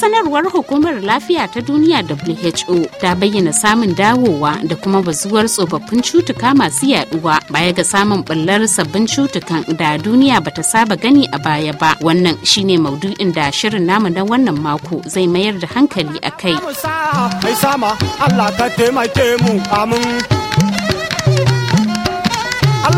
sanarwar hukumar lafiya ta duniya WHO ta bayyana samun dawowa da kuma bazuwar tsofaffin cutuka masu yaduwa baya ga samun bullar sabbin cutukan da duniya bata saba gani a baya ba. Wannan shine maudu'in da shirin namu na wannan mako zai mayar da hankali a kai. Mai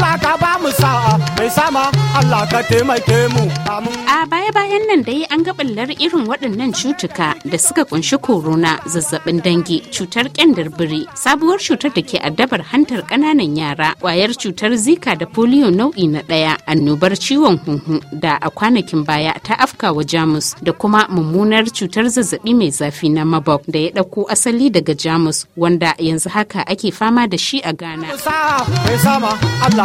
Allah ka ba mu sa'a mai sama Allah ka taimake mu a baya-bayan nan dai an ga ɓullar irin waɗannan cutuka da suka kunshi korona zazzabin dangi cutar ƙyandar biri sabuwar cutar da ke addabar hantar ƙananan yara ƙwayar cutar zika da polio nau'i na ɗaya annobar ciwon hunhu da a kwanakin baya ta afkawa jamus da kuma mummunar cutar zazzabi mai zafi na mabok da ya ɗauko asali daga jamus wanda yanzu haka ake fama da shi a ghana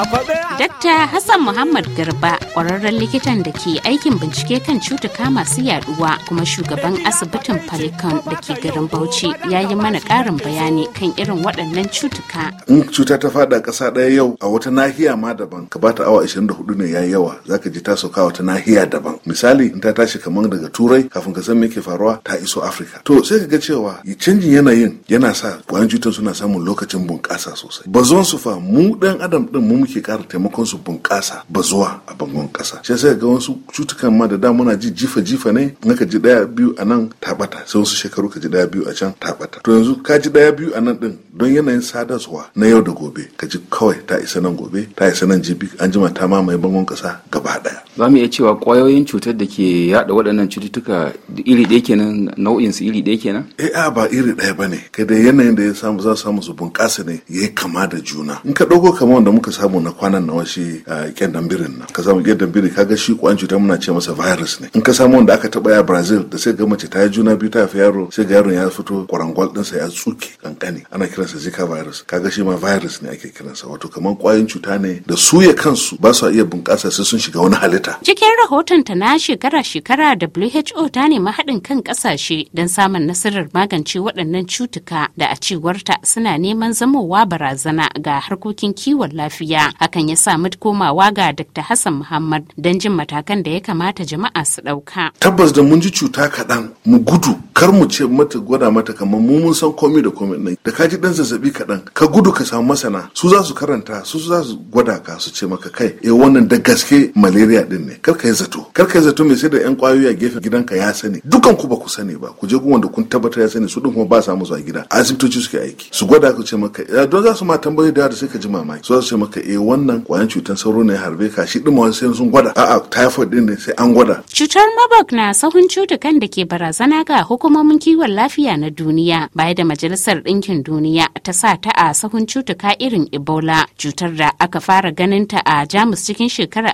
Dakta Hassan Muhammad Garba ƙwararren likitan da ke aikin bincike kan cutuka masu yaduwa kuma shugaban asibitin Falcon da ke garin Bauchi ya yi mana ƙarin bayani kan irin waɗannan cutuka. In cuta ta fada ƙasa ɗaya yau a wata nahiya ma daban ka bata awa 24 ne ya yawa zaka ji ta sauka wata nahiya daban. Misali in ta tashi kamar daga Turai kafin ka san me ke faruwa ta iso Afirka. To sai ka ga cewa canjin yanayin yana sa ƙwayan cutar suna samun lokacin bunƙasa sosai. ba Bazon su fa mu ɗan adam ɗin mu muke ke kara taimakon su bunƙasa ba zuwa a bangon ƙasa shi yasa ga wasu cutukan ma da da muna ji jifa jifa ne ka ji ɗaya biyu a nan tabata sai wasu shekaru ka ji ɗaya biyu a can tabata to yanzu ka ji ɗaya biyu a nan ɗin don yanayin sadarwa na yau da gobe ka ji kawai ta isa nan gobe ta isa nan jibi an jima ta mamaye bangon ƙasa gaba ɗaya za mu iya cewa kwayoyin cutar da ke yaɗa waɗannan cututtuka iri ɗaya kenan nau'in su iri ɗaya kenan eh a ba iri ɗaya ba ne kai dai yanayin da ya samu za samu su bunƙasa ne ya kama da juna in ka ɗauko kamar wanda muka samu na kwanan nawa shi ƙyandan birin nan ka samu ƙyandan birin kaga shi ƙwayan cutar muna ce masa virus ne in ka samu wanda aka taɓa ya brazil da sai ga mace ta yi juna biyu ta haifi yaro sai ga yaron ya fito kwarangwal ɗinsa ya tsuke kankani ana kiransa zika virus kaga shi ma virus ne ake kiransa wato kamar kwayoyin cuta ne da su ya kansu ba su iya bunƙasa sai sun shiga wani halitta ta. Cikin rahotonta na shekara-shekara WHO ta nemi haɗin kan ƙasashe don samun nasarar magance waɗannan cutuka da a cewarta suna neman zamowa barazana ga harkokin kiwon lafiya. Hakan ya samu komawa ga Dr. Hassan Muhammad don jin matakan da ya kamata jama'a su ɗauka. Tabbas da mun ji cuta kaɗan mu gudu kar mu ce mata gwada mata kamar mu mun san komai da komai ɗin da ka ji ɗan zazzabi kaɗan ka gudu ka samu masana su za su karanta su za su gwada ka su ce maka kai eh wannan da gaske malaria ɗin din ne karka yi zato kar yi zato mai sai da yan kwayoyi a gefen gidanka ya sani dukan ku ba ku sani ba ku je wanda kun tabbatar ya sani su din kuma ba sa musu a gida asibitoci suke aiki su gwada ku ce maka don za su ma tambayoyi da sai ka ji mamaki su za su ce maka eh wannan kwayan cutar sauro ne harbe ka shi din ma sai sun gwada a'a typhoid din ne sai an gwada cutar mabok na sahun cutukan da ke barazana ga hukumomin kiwon lafiya na duniya baya da majalisar ɗinkin duniya ta sa ta a sahun cutuka irin ebola cutar da aka fara ganin ta a jamus cikin shekarar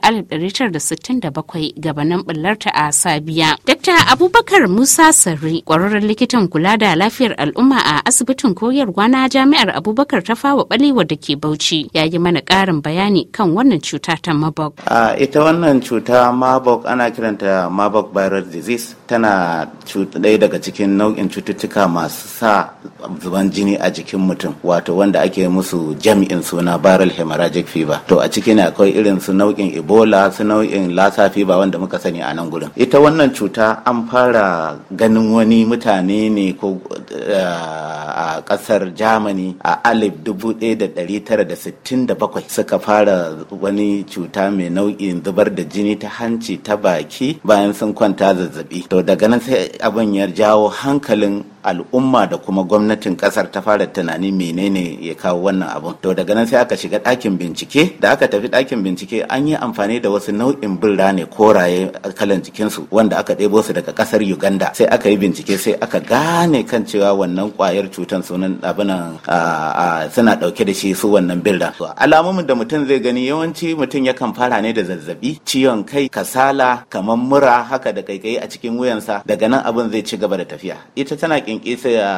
67 gabanin ɓullarta a Sabiya. Dr. Abubakar Musa Sarri, ƙwararren likitan kula da lafiyar al'umma a asibitin koyarwa na Jami'ar Abubakar ta fawa ɓalewa da ke Bauchi, ya yi mana ƙarin bayani kan wannan cuta ta Marburg. A ita wannan cuta Marburg ana kiranta Marburg viral disease tana ɗaya daga cikin nau'in cututtuka masu sa zuban jini a jikin mutum wato wanda ake musu jami'in suna viral hemorrhagic fever to a ciki ne akwai irin su nau'in Ebola su nau'in in lasafi ba wanda muka sani a nan gurin ita wannan cuta an fara ganin wani mutane ne ko eh, a kasar jamani. a alif 1967 suka fara wani cuta mai nau'in zubar da jini ta hanci ta baki bayan sun kwanta zazzabi to daga nan sai abin ya jawo hankalin al'umma da kuma gwamnatin kasar ta fara tunani menene ya kawo wannan abun to daga nan sai aka shiga ɗakin bincike da aka tafi ɗakin bincike an yi amfani da wasu nau'in in birra ne koraye kalan jikinsu wanda aka ɗebo su daga ƙasar Uganda sai aka yi bincike sai aka gane kan cewa wannan kwayar cutar sunan abinan suna ɗauke da shi su wannan birra. Alamomin da mutum zai gani yawanci mutum yakan fara ne da zazzabi ciwon kai kasala kamar mura haka da kaikayi a cikin wuyansa daga nan abin zai ci gaba da tafiya ita tana kinkisa a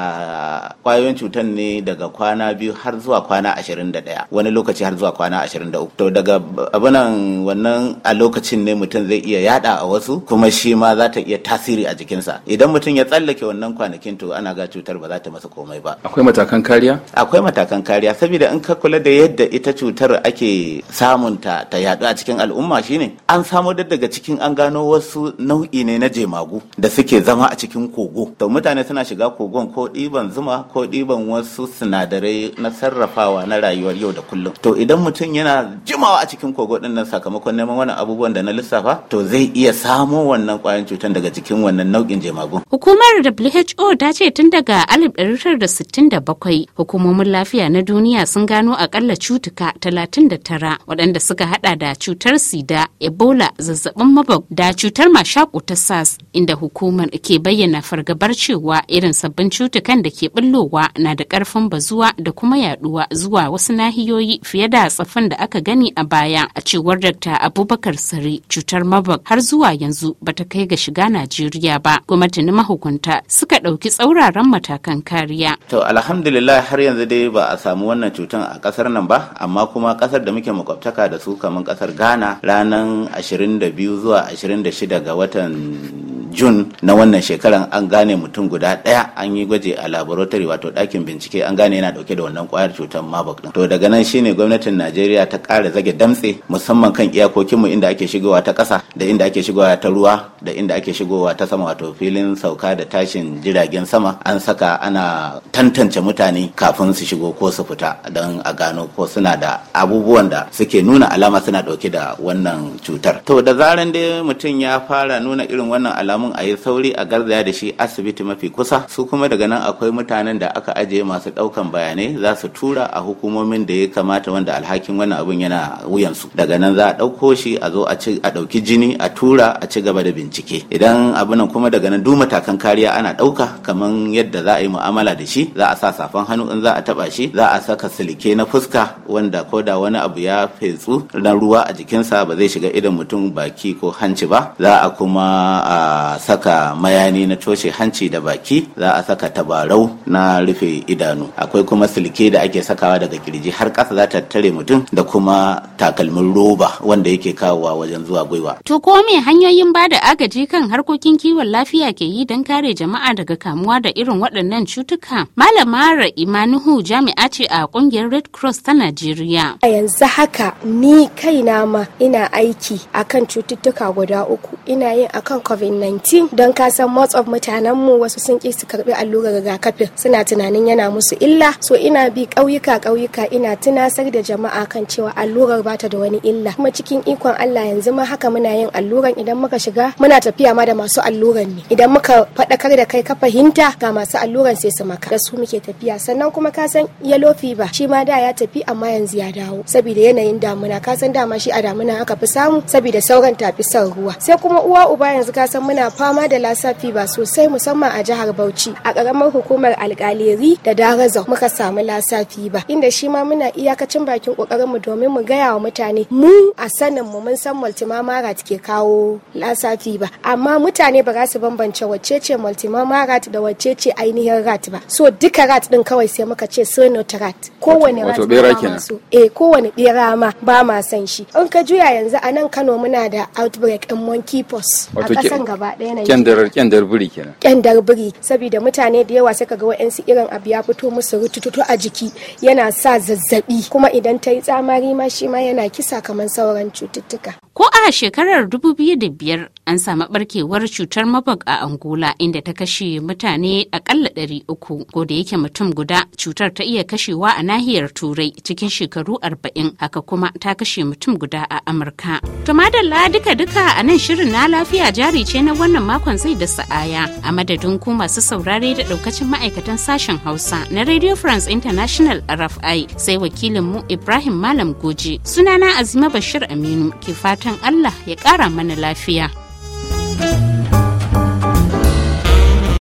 kwayoyin cutar ne daga kwana biyu har zuwa kwana ashirin da ɗaya wani lokaci har zuwa kwana ashirin da uku to daga abinan wannan a lokacin lokacin ne mutum zai iya yada a wasu kuma shi ma za ta iya tasiri a jikinsa idan mutum ya tsallake wannan kwanakin to ana ga cutar ba za ta masa komai ba akwai matakan kariya akwai matakan kariya saboda in ka kula da yadda ita cutar ake samun ta ta yadu a cikin al'umma shine an samo da daga cikin an gano wasu nau'i ne na jemagu da suke zama a cikin kogo to mutane suna shiga kogon ko ɗiban zuma ko ɗiban wasu sinadarai na sarrafawa na rayuwar yau da kullum to idan mutum yana jimawa a cikin kogo ɗin nan sakamakon neman wani abubuwa abubuwan da na lissafa to zai iya samo wannan kwayan cutar daga jikin wannan nau'in jemagun. Hukumar WHO ta ce tun daga 1967 hukumomin lafiya na duniya sun gano akalla cutuka 39 waɗanda suka hada da cutar sida, ebola, zazzabin mabag da cutar mashaku ta SARS inda hukumar ke bayyana fargabar cewa irin sabbin cutukan da ke bullowa na da ƙarfin bazuwa da kuma yaduwa zuwa wasu nahiyoyi fiye da tsafin da aka gani a baya a cewar Dr. Abubakar tsare cutar mabok har zuwa yanzu bata kai ga shiga Najeriya ba. Kuma tuni mahukunta suka ɗauki tsauraran matakan kariya. To alhamdulillah har yanzu dai ba a samu wannan cutar a kasar nan ba amma kuma kasar da muke makwabtaka da su kamar kasar Ghana ranar 22 zuwa 26 ga watan jun na wannan shekaran an gane mutum guda ɗaya an yi gwaji a laboratory wato ɗakin bincike an gane yana dauke da wannan ƙwayar cutar marburg ɗin to daga nan shine gwamnatin najeriya ta ƙara zage damtse musamman kan iyakokinmu inda ake shigowa ta ƙasa da inda ake shigowa ta ruwa da inda ake shigowa ta sama wato filin sauka da tashin jiragen sama an saka ana tantance mutane kafin su shigo ko su fita don a gano ko suna da abubuwan da suke nuna alama suna ɗauke da wannan cutar to da zaran dai mutum ya fara nuna irin wannan alamun samun a yi sauri a garzaya da shi asibiti mafi kusa su kuma daga nan akwai mutanen da aka ajiye masu ɗaukan bayanai za su tura a hukumomin da ya kamata wanda alhakin wannan abun yana wuyansu daga nan za a dauko shi a zo a dauki jini a tura a ci gaba da bincike idan abunan kuma daga nan duk matakan kariya ana ɗauka kamar yadda za a yi mu'amala da shi za a sa safan hannu in za a taɓa shi za a saka silike na fuska wanda ko da wani abu ya fetsu na ruwa a jikinsa ba zai shiga idan mutum baki ko hanci ba za a kuma a a saka mayani na toshe hanci da baki za a saka tabarau na rufe idanu akwai kuma silke da ake sakawa daga kirji har ƙasa za ta tare mutum da kuma takalmin roba wanda yake kawowa wajen zuwa gwiwa. To ko me hanyoyin ba da agaji kan harkokin kiwon lafiya ke yi don kare jama'a daga kamuwa da irin waɗannan cutuka? Malama Ra'ima Nuhu jami'a ce a ƙungiyar Red Cross ta Najeriya. A yanzu haka ni kaina ma ina aiki akan cututtuka guda uku ina yin akan COVID-19 ti don kasan most of mu wasu sun ki su karbi allurar rigakafin suna tunanin yana musu illa so ina bi kauyuka kauyuka ina tunasar da jama'a kan cewa allurar bata da wani illa kuma cikin ikon Allah yanzu ma haka muna yin alluran idan muka shiga muna tafiya ma da masu alluran ne idan muka faɗakar da kai ka fahimta ga masu alluran sai su maka da su muke tafiya sannan kuma ka san yellow fever shi ma da ya tafi amma yanzu ya dawo saboda yanayin damuna ka san dama shi a damuna aka fi samu saboda sauran tafi son ruwa sai kuma uwa uba yanzu ka san muna ana fama da lasafi ba sosai musamman a jihar Bauchi a karamar hukumar alkaleri da Daraza muka samu lasafi ba inda shi ma muna iyakacin bakin kokarin mu domin mu gaya wa mutane mu a sanin mu mun san multimamarat ke kawo lasafi ba amma mutane ba za su bambance wacce ce multimamarat da wacce ce ainihin rat ba so duka rat din kawai sai muka ce sonotarat kowane rat ba so eh kowane bera ma ba ma san shi in ka juya yanzu a nan Kano muna da outbreak in monkeypox a kasan gaba ɗaya na kyandar kyandar biri kenan kyandar biri saboda mutane da yawa sai ga wa'ansu irin abu ya fito musu rututu a jiki yana sa zazzabi kuma idan ta yi tsamari ma shi ma yana kisa kamar sauran cututtuka Ko a shekarar 2005 an sami barkewar cutar mabag a Angola inda ta kashe mutane akalla 300 ko da yake mutum guda cutar ta iya kashewa a nahiyar Turai cikin shekaru 40 haka kuma ta kashe mutum guda a Amurka. Tumadalla duka-duka a nan shirin na lafiya jari ce na wannan makon zai da sa'aya a madadin ku masu saurare da daukacin ma'aikatan sashen Hausa na Radio France International RFI sai wakilin mu Ibrahim Malam Goji sunana Azima Bashir Aminu ke fata fatan Allah ya ƙara mana lafiya.